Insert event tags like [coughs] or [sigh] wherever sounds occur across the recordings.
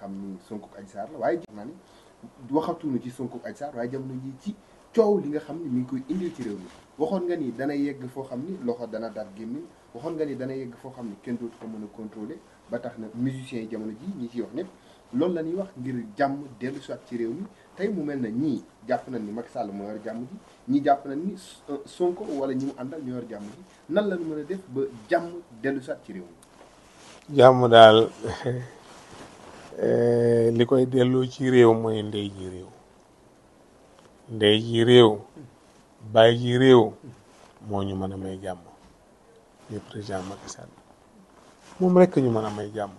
xam ni Sonko ak Adji Sarr la waaye jox naa ni waxatuñu ci Sonko ak Adji Sarr jamono ji ci coow li nga xam ni mi ngi koy indil ci réew mi waxoon nga ni dana yegg foo xam ni loxo dana daat gémmiñ waxoon nga ni dana yegg foo xam ni kenn dootu ko mën a contrôler ba tax na musiciens yi jamono ji ñi ciy wax ñëpp loolu la ñuy wax ngir jàmm dellu saat ci réew mi tey mu mel na ñii jàpp nañ ni mag Sall moo yor jàmm ji ñii jàpp nañ ni Sonko wala ñi mu àndal ñoo yor jàmm ji nan la ñu mën a def ba jàmm dellu soit ci [laughs] Eh, li koy delloo ci réew mooy ndey ji réew ndey ji réew baay ji réew moo ñu mën a may jàmm ñu président Macky Sall moom ñu mën a may jàmm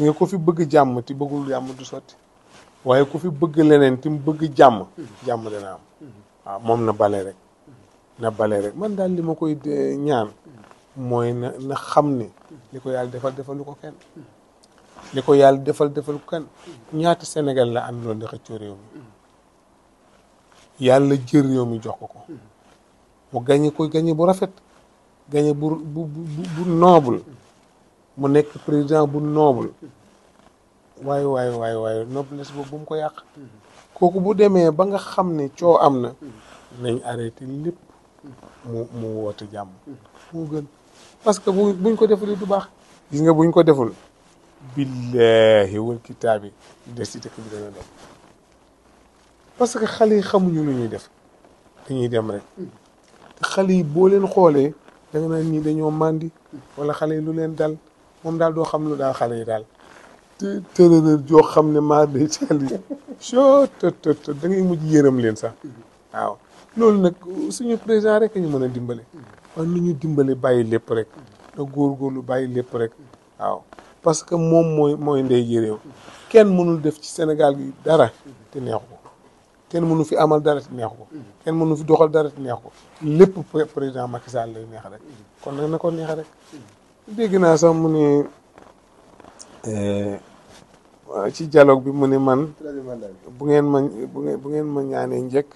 nga ko fi bëgg jàmm ti bëggul jàmm du sotti waaye ku fi bëgg leneen ti mu bëgg jàmm jàmm dana am waaw moom na bale rek na bale rek man daal li ma koy eh, ñaan mooy na xam ni li ko yàlla defal defalu ko kenn li ko yàlla defal defal kan ñaata Sénégal la am loolu di xëccoo réew yàlla jël réew mi jox ko ko mu gañe ko gañe bu rafet gañe bu noble mu nekk président bu noble waaye waaye waaye waaye noblesse boobu bu mu ko yàq kooku bu demee ba nga xam ne coow am na nañ arrêté lépp mu mu woote jàmm moo gën parce que buñ ko deful du baax gis nga buñ ko deful billahi wal kitaabi des ci bi dana doon parce que xale yi xamuñu lu ñuy def dañuy dem rek te xale yi boo leen xoolee da nga naan ñii dañoo màndi wala xale yi lu leen dal moom daal doo xam lu daal xale yi daal te tërërër joo xam ne maar day tàll yi soo të të të da ngay mujj yërëm leen sax waaw loolu nag suñu président rek ñu mën a dimbale waaye nu ñu dimbale bàyyi lépp rek na góorgóorlu bàyyi lépp rek waaw parce que moom mooy mooy ndey ji kenn mënul def ci Sénégal dara te neexu ko kenn mënu fi amal dara te neexu ko kenn mënu fi doxal dara te neexu ko lépp président Macky Sall lay neex rek kon nag na ko neex rek dégg naa sax mu ne euh, ci dialogue bi mu ne man bu ngeen ma bu ngeen ma ñaanee njekk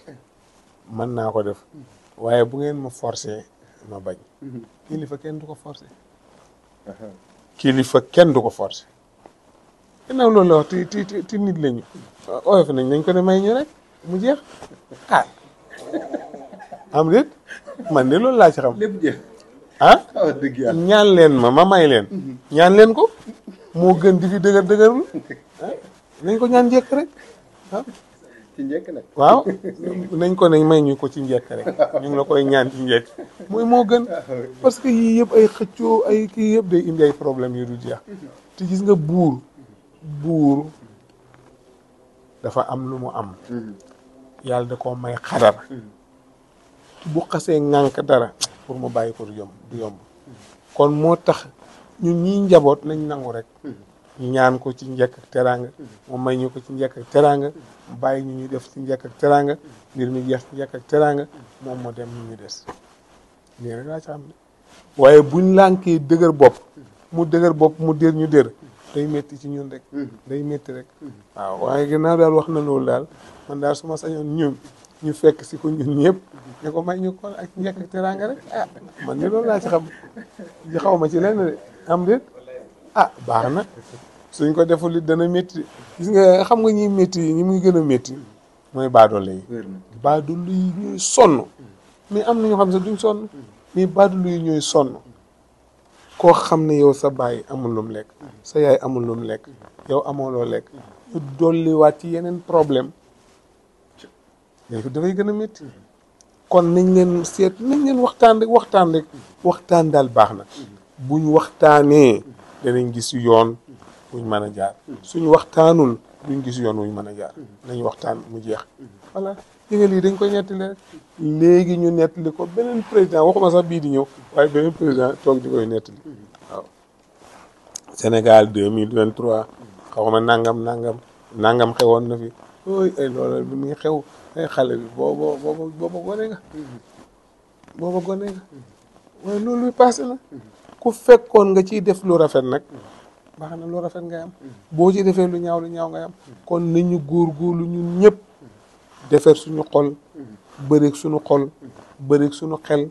mën naa ko def waaye bu ngeen ma forcé ma bañ mm-hmm. kilifa kenn du ko forcé uh-huh. kilifa kenn du ko forcer ginnaaw loolu la wax ti ti ti nit lañu oyof nañ nañ ko ne may ñu rek mu jeex ah. [laughs] am déet man de loolu laa ci xam. lépp ah? Ah, dëgg yàlla ñaan leen ma ma may leen. Mhm. ñaan leen ko moo gën di fi dëgër lu [laughs] nañ ko ñaan njëkk rek ci njëkk nag. waaw nañ ko nañ may ñu ko ci njekk rek ñu ngi la koy ñaan ci njëkk mooy moo gën parce que yii yëpp ay xëccoo ay kii yëpp day indi ay problème yu du jeex te gis nga buur buur dafa am lu mu am yàlla de ko may xadar bu xasee ŋànk dara pour mu bàyyi ko du yomb du yomb kon moo tax ñun ñii njaboot nañ nangu rek ñaan ko ci njekk ak teraanga mu may ñu ko ci njekk ak teraanga bàyyi ñu ñu def ci njekk ak teraanga mbir mi jeex ci ak teraanga moom moo dem ñu des lii rek laa ci xam ne waaye buñ lànkee dëgër bopp mu dëgër bopp mu dér ñu dér day métti ci ñun rek day métti rek waaw waaye gannaaw daal wax na loolu daal man daal suma sañoon ñun ñu fekk si ko ñun ñëpp ñu ko may ñu ko ak njëkk ak teraanga rek ah, man ni loolu laa ci xam xaw ma ci lenn de am déet ah baax na suñ ko deful li dana métti gis nga xam nga ñi métti yi ñi muy gën a metti mooy baadoole yi baadoole yi ñooy sonn mais am na ñoo xam ne duñ sonn mais baadoole yi ñooy sonn koo xam ne yow sa baay amul lu lekk sa yaay amul lu mu lekk yow amoo loo lekk ñu dolliwaat ci yeneen problème léegi dafay gën a métti kon nañ leen seet nañ leen waxtaan waxtaan waxtaan daal baax na buñ waxtaanee danañ gis yoon wuñ mën a jaar suñu waxtaanul duñ gis yoon wuñ mën a jaar nañ waxtaan mu jeex voilà li nga lii dañ koy nettali rek léegi ñu nettali ko beneen président waxuma sax bii di ñëw waaye beneen président toog di koy nettali waaw Sénégal deux mille vingt trois xaw ma nangam nangam nangam xewoon na fi ooy ay loola bi muy xew ay xale bi booba booba booba gone nga booba gone nga waaye loolu bi passé na ku fekkoon nga ciy def lu rafet nag baax na lu rafet ngay am boo ci defee lu ñaaw lu ñaaw ngay am kon nañu lu ñun ñëpp defar suñu xol bëreeg suñu xol bëreeg suñu xel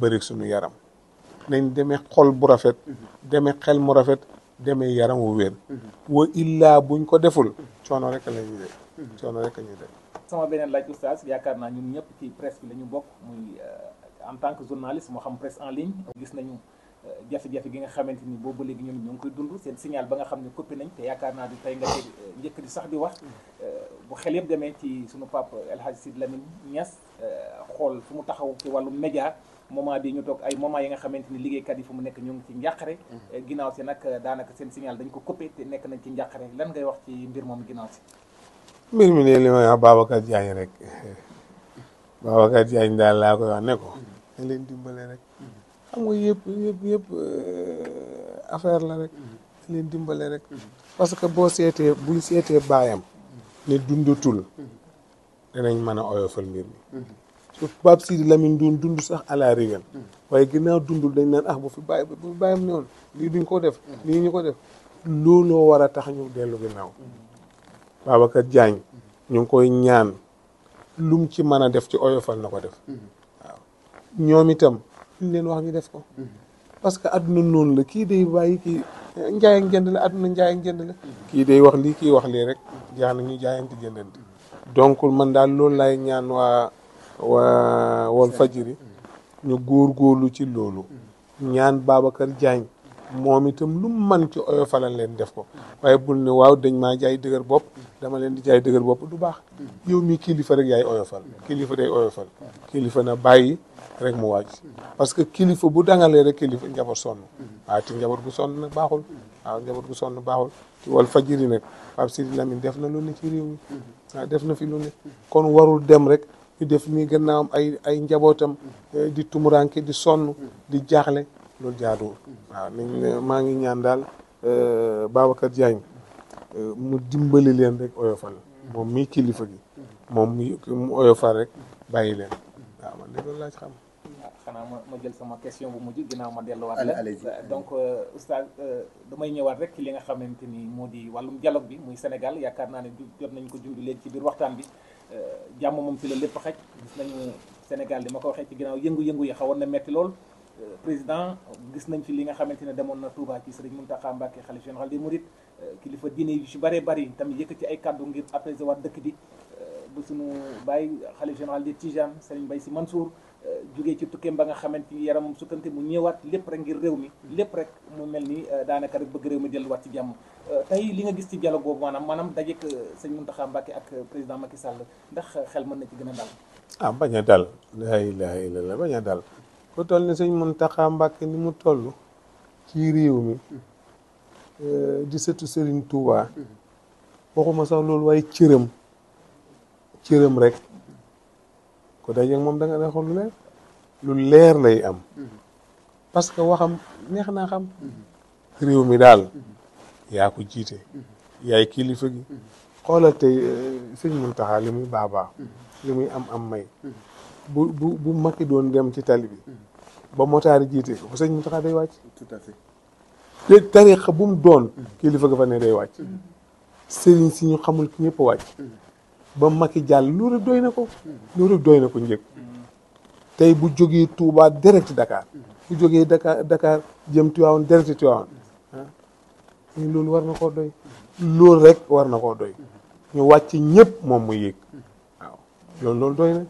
bëreeg suñu yaram nañ demee xol bu rafet demee xel mu rafet demee yaram wu wér wa illaa buñ ko deful coono rek la ñuy coono rek ñu ñuy def sama beneen laaj oustaz yaakaar naa ñun ñëpp ci presse bi la ñu bokk muy euh, en tant que journaliste moo xam presse en ligne gis nañu jafe-jafe gi nga xamante ni boobu ba léegi ñoom ñoo ngi koy dund seen signal ba nga xam ne coppite nañ te yaakaar naa du tey nga euh, njëkk di sax di wax mm. euh, bu xel yëpp demee ci sunu papa El Hadj Sid Lamine Niass euh, xool fu mu taxaw ci wàllu média moment bi ñu toog ay moment yi nga xamante ni liggéeykat yi fu mu nekk ñoo ngi ci njàqare mm. ginnaaw si nag daanaka seen signal dañ ko coppee nekk nañ ci njàqare lan ngay wax ci mbir moom ginnaaw si mbir mi ne li rek [laughs] Babacar Diagne daal laa koy ko mm. leen dimbale rek xam nga yëpp yëpp yëpp euh, affaire la rek leen dimbale rek parce que boo seetee buñ seetee baayam ne dundatul danañ mën a oyofal mbir mi su Pape Sidi Lamine doon dund sax à la rigueur waaye ginnaaw dundul dañ naan ah bu fi bàyyi bu fi bàyyam newoon lii duñ ko def lii ñu ko def looloo war a tax ñu dellu ginnaaw Babacar Diagne ñu ngi koy ñaan lum ci mën a def ci oyofal na ko def ñoom itam ñu leen wax ñu des ko parce que àdduna noonu la kii day bàyyi kii njaay ak jënd la àdduna njaay ak jënd la kii day wax lii kii wax lii rek jaana ñu jaayante jëndante donc man daal loolu laay ñaan waa waa Walfadjri ñu góor góorlu ci loolu ñaan Babacar Diagne moom itam lu man ci oyofalal leen def ko waaye bul ne waaw dañ maa jaay dëgër bopp dama leen di jaay dëgër bopp du baax yow mi kilifa rek yaay oyofal kilifa day oyofal kilifa na bàyyi rek mu wàcc parce que kilifa bu dangalee rek kilifa njaboot sonn waaw ci njaboot gu sonn nag baaxul waaw njaboot gu sonn baaxul ci wal fajiri nag Pape Sidi Lamine def na lu ne ci réew mi waaw def na fi lu ne kon warul dem rek ñu def nii gannaawam ay ay njabootam eh, di tumuraanke di sonn di jaaxle loolu jaaduwul maa ngi ñaan daal euh, Babacar Diagne euh, mu dimbali leen rek oyofal moom mii kilifa gi moom mu oyofal rek bàyyi leen waaw laa ci ma ma jël sama question bu mujj ginnaaw ma delluwaat la euh, donc oustaz damay ñëwaat rek ci li nga xamante ni moo di wàllum dialogue bi muy senegal yaakaar naa ne jot nañ ko junj leen ci biir waxtaan bi jàmm moom fi la lépp xaj gis nañu Sénégal di ma ko waxee ci ginnaaw yëngu-yëngu yi xawoon na metti lool président gis nañ fi li nga xamante ne demoon na Touba ci sëriñ Mountakha Mbacké xalifa général des Mourides euh, kilifa diine yu ci bëree bëri tamit ci ay kàddu ngir apaiser waat dëkk bi euh, bu suñu bàyyi xalifa général des Tidianes sëriñ Mbaye Sy Mansour euh, jugee ci tukkeem ba nga xamante yaram yaramam sukkante mu ñëwaat lépp rek ngir réew mi lépp rek mu mel ni daanaka rek bëgg réew mi delluwaat ci jàmm tey li nga gis ci dialogue boobu maanaam maanaam dajeek sëñ Mountakha Mbacké ak président Macky Sall ndax xel mën na ci gën a dal ah bañ a dal ku toll ni sëñ Muntaxa Mbàkke ni mu toll ci réew mi eh, di sëtu Sëriñ Tuubaa waxuma sax loolu waaye cëram cëram rek ko dajeeg moom da nga ne xam lu leer lu leer lay am parce que waxam neex naa xam réew mi daal yaa ko jiite yaay kilifa gi xoolal tey eh, sëñ Muntaxa li muy baabaa li muy am am may bu bu bu Macky doon dem ci tali bi ba motaari jiite ko bu sëñ Mountakha day wàcc. tout à fait léegi tariqa bu mu doon. kilifa ga fa ne day wàcc. sëriñ si ñu xamul ki ñëpp a wàcc. ba Macky jàll loolu doy na ko. loolu doy na ko njëkk. tey bu jógee Touba direct Dakar. bu jógee Dakar Dakar jëm Tivaouane direct Tivaouane ah loolu war na koo doy. loolu rek war na koo doy. ñu wàcc ñëpp moom mu yéeg. loolu loolu doy na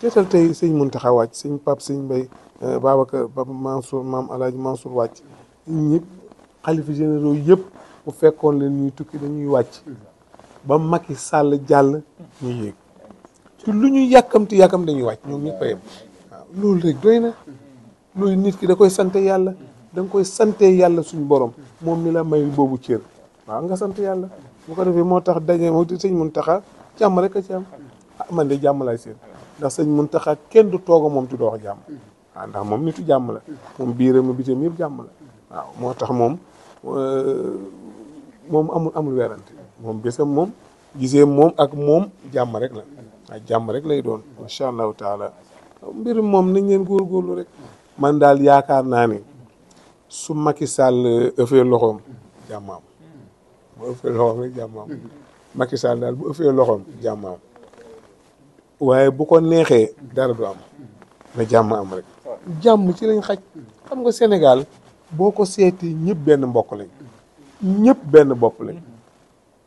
teetal tey sëñ Muntaxa wàcc sëñ Pap sëñ Mbay euh, Babacar Papa Mansour maam Alaaji Mansour wàcc ñëpp xalifa généraux yëpp bu fekkoon leen ñuy tukki dañuy wàcc ba Macky Sall jàll lu ñu yàkkamti yàkkam dañuy wàcc ñoom ñëpp a loolu rek doy na loolu nit ki da koy sante yàlla da koy sante yàlla suñu borom moom mi la may boobu cër waaw nga sant yàlla bu ko defee moo tax daje moo sëñ Muntaxa jàmm rek a ci am Ah, man de jàmm laay seen ndax sëñ Muntaxa kenn du toog moom ci doox jàmm waaw mm-hmm. ah, ndax moom nitu jàmm la mm-hmm. moom biiram bitam yëpp jàmm la mm-hmm. waaw moo tax moom euh, moom amul amul werante moom bésam moom gisee moom ak moom jàmm rek la waaw ah, jàmm rek lay doon macha allahu taala mbir moom nañ leen góorgóorlu rek man daal yaakaar naa ne su Macky Sall euh, ëffee loxoom jàmmaam bu ëffee loxoom rek jàmmaam Macky daal bu ëffee loxoom jàmmaam waaye bu ko neexee dara du am na jàmm am rek jàmm ci lañ xaj xam nga Sénégal boo ko seeti ñëpp benn mbokk lañ ñëpp benn bopp lañ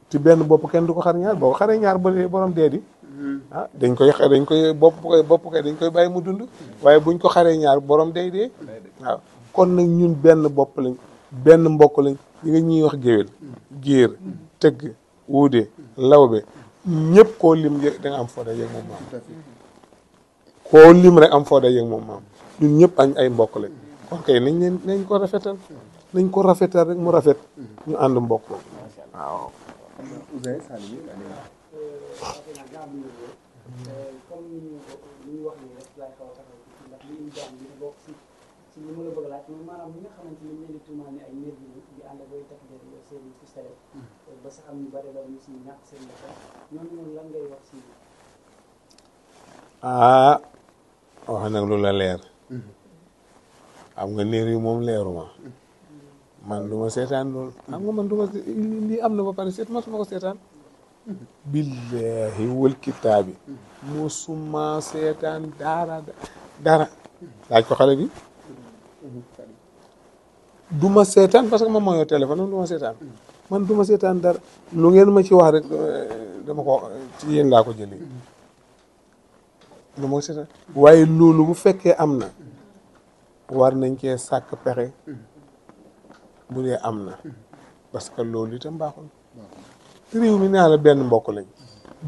te benn bopp kenn du ko xar ñaar boo ko xaree ñaar ba borom dee di ah dañ koy dañ koy bopp koy dañ koy bàyyi mu dund waaye buñ ko xaree ñaar borom day dee waaw kon nag ñun benn bopp lañ benn mbokk lañ ñu nga ñuy wax géwél géer tëgg wuude lawbe ñëpp koo lim da nga am foo day yëg moom maam koo lim rek am foo day yëg moom maam ñun ñëpp añ ay mbokk lañ kon kay nañ leen nañ ko rafetal nañ ko rafetal rek mu rafet ñu ànd mbokk waaw li ma la bëgg a laaj mooy hmm. ah wax nag lu la leer hmm. xam nga niir yi moom leeruma hmm. man du seetaan loolu xam nga ma lii am na ba pare seet ma su ko seetaan billahi wal kitaabi musuma seetaan dara dara laaj ko xale bi du ma seetaan parce que moom moo yor téléphone am du seetaan man du ma seetaan dara lu ngeen ma ci wax rek euh, dama ko ci yéen laa ko jëlee du ma waaye loolu bu fekkee am war nañ cee sàkk pexe bu dee am na parce que loolu itam baaxul réew mi naa la benn mbokk lañ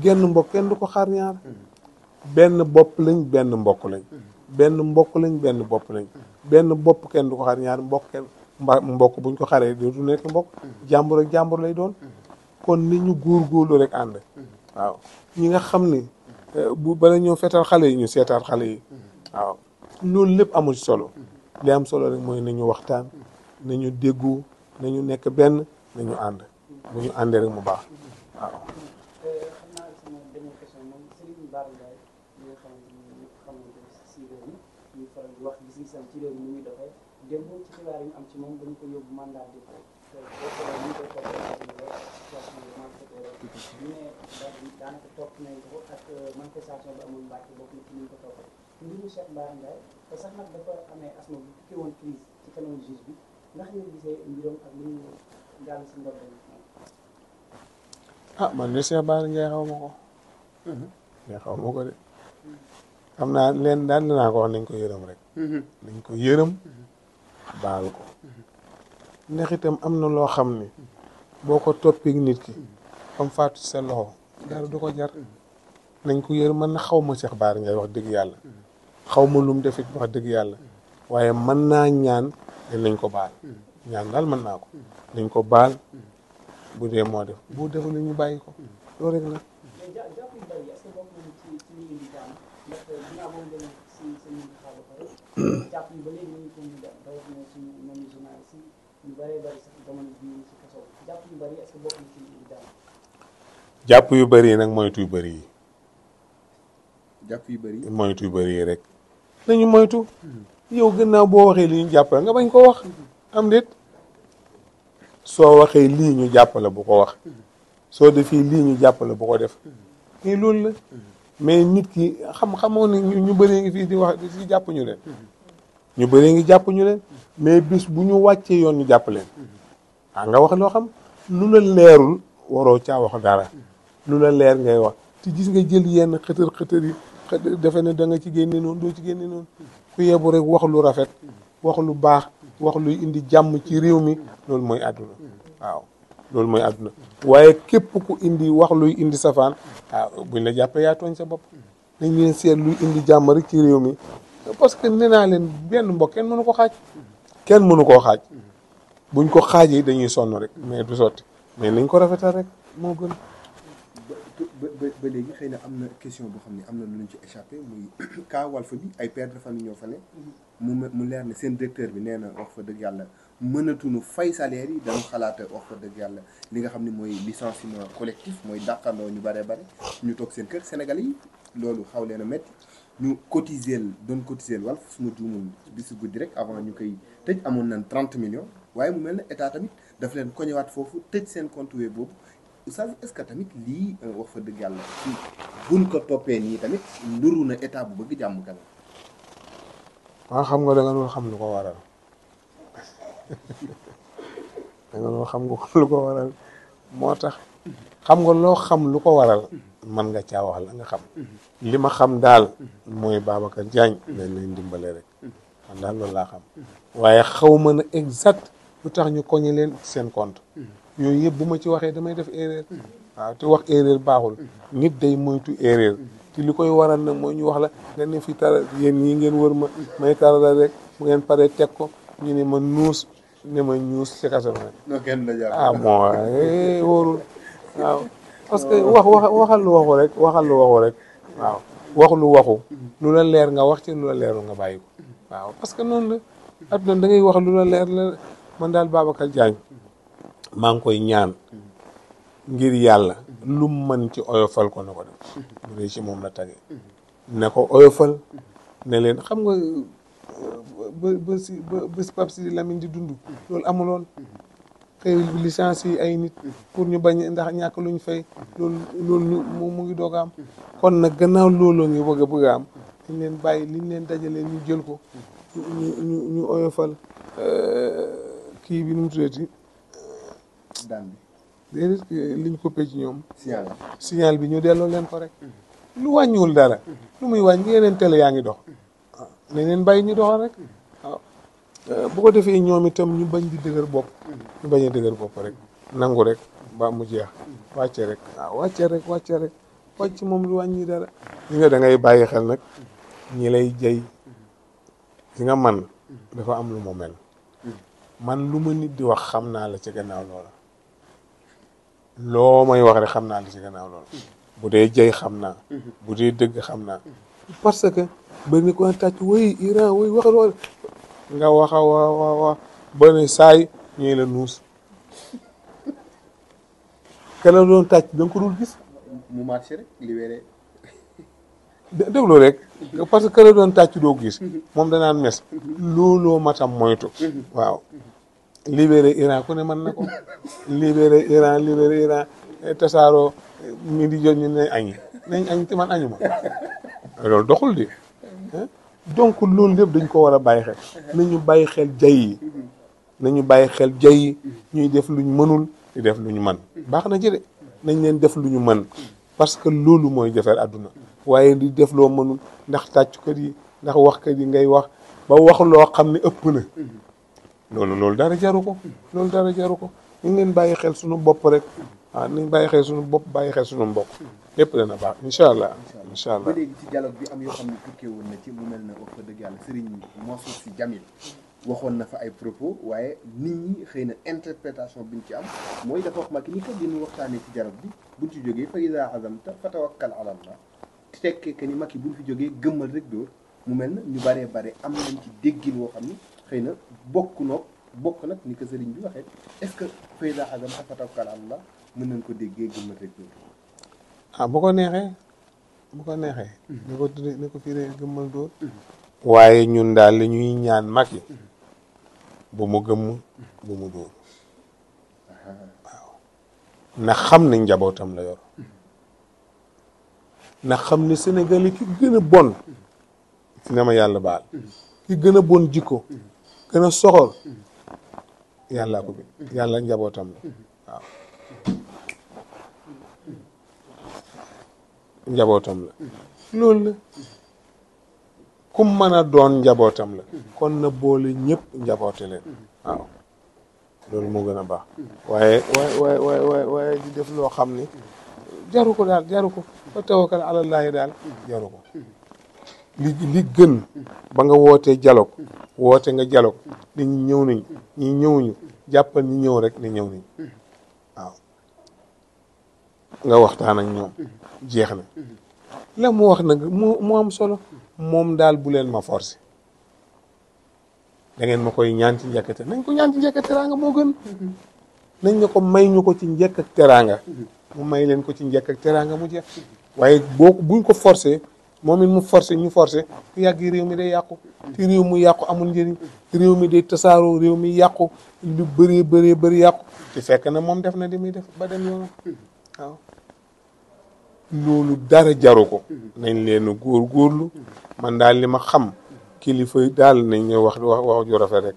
genn mbokk kenn du ko xaar ñaar benn bopp lañ benn mbokk lañ benn mbokk lañ benn bopp lañ benn bopp kenn du ko xar ñaar mbokk kenn mbokk buñ ko xaree du nekk mbokk jàmbur ak jàmbur lay doon kon ni ñu góorgóorlu rek ànd nga xam ni eh, bu bala ñoo fetal xale yi ñu seetaat xale yi waaw loolu lépp amul solo li am solo rek mooy nañu waxtaan nañu déggu ñu nekk benn nañu ànd bu ñu àndee rek mu baax wax gis-gisam ci réew mi ngi muy doxee démb ci xibaar yi ñu am ci moom dañu ko yóbbu mandat de dépôt ñu bi manifestation ñu ne ko ak euh, manifestation bi amul Mbàkke bokk na ci ñu ko toppee mbiru Cheikh bi ndax ñu gisee mbiram ak ah, xaw ma ko mm-hmm. xaw ma ko de xam naa leen daal dinaa ko wax nañ ko yërëm rek nañ ko yërëm baal ko ndax am na loo xam ni boo ko toppee nit ki am faatu sa loxo dara du ko jar nañ ko yërëm man na xaw ma seex baar Ndiaye wax dëgg yàlla xaw ma lum def it wax dëgg yàlla waaye mën naa ñaan ne nañ ko baal ñaan daal mën naa ko nañ ko baal bu dee moo def bu defu la bàyyi ko loolu rek la jàpp yu bari nag moytu yu bëri yi yu bëri yi moytu yu bari yi rek nañu moytu yow gannaaw boo waxee li ñu jàppale nga bañ koo wax am déet soo waxee lii ñu jàppale bu ko wax soo defee lii ñu jàppale bu ko def mais loolu la mais nit ki xam xamoo ne ñu bëree ngi fii di wax di jàpp ñu leen. ñu bëree ngi jàpp ñu leen mais bis bu ñu wàccee yoon ñu jàpp leen. a ah, nga wax loo xam lu la leerul waroo caa wax dara lu la leer ngay wax te gis nga jël yenn xëtër xëtër yi defe ne danga ci génne noonu doo ci génne noonu ku yebu rek wax lu rafet wax lu baax wax lu indi jàmm ci réew mi loolu mooy àdduna waaw. loolu mooy àdduna waaye képp ku indi wax luy indi safaan ah buñ la jàppee yaa tooñ sa bopp nañ leen seet indi jàmm ci réew mi parce que nee naa leen benn mbokk kenn mënu koo xaaj kenn mënu koo xaaj buñ ko xaajee dañuy sonn rek mais du sotti mais nañ ko rafetal rek moo gën ba ba léegi xëy na am na question boo xam ne am na lu ñu ci échappé muy cas [coughs] Walf bi ay père de famille ñoo fa ne mm-hmm. mu mu leer ne seen directeur bi nee na wax fa dëgg yàlla mënatuñu fay salaire yi dañu xalaat wax ko dëgg yàlla li nga xam ne mooy licenciement collectif mooy dàqandoo ñu bare bare ñu toog seen kër Sénégal yi loolu xaw leen a métti ñu cotiser doon cotiser Walf su ma juumul bisu guddi rek avant ñu koy tëj amoon nañ 30 millions waaye mu mel ne état tamit daf leen koñewaat foofu tëj seen compte web boobu oustaz est-ce que tamit lii euh, wax fa dëgg yàlla ci buñ ko toppee nii tamit nduru na état bu bëgg jàmm kanam. waaw xam nga da nga xam lu ko [laughs] xam nga ko waral moo tax xam nga loo xam lu ko waral man nga caa wax la nga xam mm-hmm. li ma xam daal mm-hmm. mooy Babacar Diagne mm-hmm. dañ leen dimbale rek man daal loolu laa xam waaye xaw ma na exact lu tax ñu koñe leen seen compte yooyu yëpp bu ma ci waxee damay def erreur waaw te wax erreur baaxul nit day moytu erreur te li koy waral na mooy ñu wax la nga ne fi tara yéen ñi ngeen wër ma may tara rek bu ngeen pare teg ko ñu ne ma nuus ne ma ñuus si kaso bi. kenn la jàpp ah eh, waaw. parce que wax wax waxal lu waxu rek waxal lu waxu rek waaw wax lu waxu lu la leer nga wax ci lu la leerul nga bàyyi ko waaw parce que noonu la adduna da ngay wax lu la leer man daal Babacar Diagne maa ngi koy ñaan ngir yàlla lu mën ci oyofal ko na ko def bu dee ci moom la tagee ne leen xam nga ba ba si ba si Pape Sidi Lamine di dund loolu amuloon xëy bi yi ay nit pour ñu bañ ndax ñàkk lu ñu fay loolu loolu ñu mu ngi doog a am kon nag gannaaw looloo ngi bëgg a bëgg a am liñ leen bàyyi liñ leen dajalee ñu jël ko ñu ñu ñu oyofal euh, kii bi nu mu tuddati euh, daan bi déedéet liñ coupé ci ñoom signal bi ñu delloo leen ko rek lu wàññiwul dara lu muy wàññi yeneen tele yaa ngi dox nañ leen bàyyi ñu doxal rek waaw ah, eh, bu ko defee ñoom itam ñu bañ di dëgër bopp ñu bañ a dëgër bopp rek nangu rek ba mu jeex wàcce rek ah, waaw rek wàcce rek wàcc moom lu wàññi dara ñu nga dangay ngay bàyyi xel nag ñi lay jay li nga man dafa am lu mu mel man lu ma nit di wax xam naa la ci gannaaw loola loo may wax rek xam naa la ci gannaaw loola bu dee jay xam naa bu dee dëgg xam naa parce que ba ni ko tàcc woy Iran woy waxal wala nga wax a wa wa wa ba ne saay ñëw la nuus kana doon tàcc da nga dul gis mu marché rek libéré déglu rek parce que kana doon tàcc doo gis mhm. moom danaan mes mhm. ma matam moytu mhm. waaw Iran ku ne mën na ko libéré Iran libéré mi di jot ne añi nañ añ te man añu ma loolu doxul di donc loolu lépp dañ ko war a bàyyi xel nañu bàyyi xel jay nañu bàyyi xel jay yi ñuy def luñ mënul di def lu ñu mën baax na ci de nañ leen def lu ñu mën parce que loolu mooy jafeel àdduna waaye di def loo mënul ndax tàccukat yi ndax wax waxkat yi ngay wax ba wax loo xam ne ëpp na loolu loolu dara jaru ko loolu dara jaru ko ñu ngi leen bàyyi xel suñu bopp rek waaw ah, nañ bàyyi xel sunu bopp bàyyi xel sunu mbokk lépp dana baax incha allah incha allah ba léegi ci dialogue bi am yoo xam ne tukkee woon na ci mu mel ne wax dëgg yàlla sëriñ Mansour si Djamil waxoon na fa ay propos waaye nit ñi xëy na interprétation biñ ci am mooy dafa wax Macky ni ko dinu waxtaanee ci dialogue bi buñ ci jógee fa iza azamta fatawakkal ala Allah tekkee que ni Macky buñ fi jógee gëmmal rek dóor mu mel na ñu baree bare am nañ ci déggi woo xam ne xëy na bokk noog bokk nag ni ko sëriñ ce que fayda azam ak fatakkal allah mën nañ ko déggee gëm na teg ah ko neexee bu ko neexee ni ko tudde ni ko gëmmal dóor mhm. waaye ñun daal li ñuy ñaan mag yi mhm. bu mu gëmm mhm. bu mu dóor na xam ne njabootam la yor na xam ne Sénégal yi ki gën a bon si na ma yàlla baal ki gën a bon jikko gën soxor yàllaa ko bi yàlla njabootam la waaw njabootam la loolu la mën a doon njabootam la kon na boole ñëpp njaboote leen waaw loolu moo gën a baax waaye waaye waaye waaye waaye def loo xam ni jaru ko daal jaru ko ba tawakkal alallaahi daal jaru li li gën ba nga wootee dialogue woote nga jalook nit ñi ñëw nañ ñi ñëwuñu jàppal ñi ñëw rek ni ñëw nañ waaw nga waxtaan ak ñoom jeex na la mu wax nag mu mu am solo moom daal bu leen ma forcer dangeen ma koy ñaan ci njëkk nañ ko ñaan ci njëkk teraanga moo gën nañ ne ko may ñu ko ci njëkk ak teraanga mu may leen ko ci njëkk ak teraanga mu jeex waaye boo buñ ko forcer moom it mu forcé ñu forcé ku yàgg réew mi day yàqu te réew mu yàqu amul njëriñ réew mi day tasaaroo réew mi yàqu lu bëree bëree bëri yàqu te fekk na moom def na di muy def ba dem yoonam loolu dara jaru ko nañ leen a góorgóorlu man daal li ma xam kilifa yi daal nañ wax wax wax ju rafet rek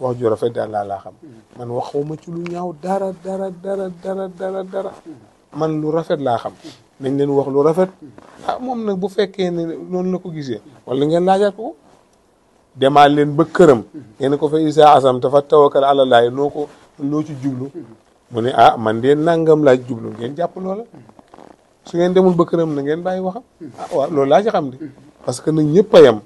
wax ju rafet daal laa laa xam man waxuma ci lu ñaaw dara dara dara dara man lu rafet laa xam nañ leen wax lu rafet ah moom nag bu fekkee ne noonu la ko gisee wala ngeen laajaat ko demaa leen ba këram ngeen ko fa isa asam dafa tawakkal ala laay noo ko loo ci jublu mu ne ah man de nangam laa jublu ngeen jàpp loola su ngeen demul ba këram na ngeen ba waxam ah waaw loolu laa ci di de parce que nag ñëpp a yem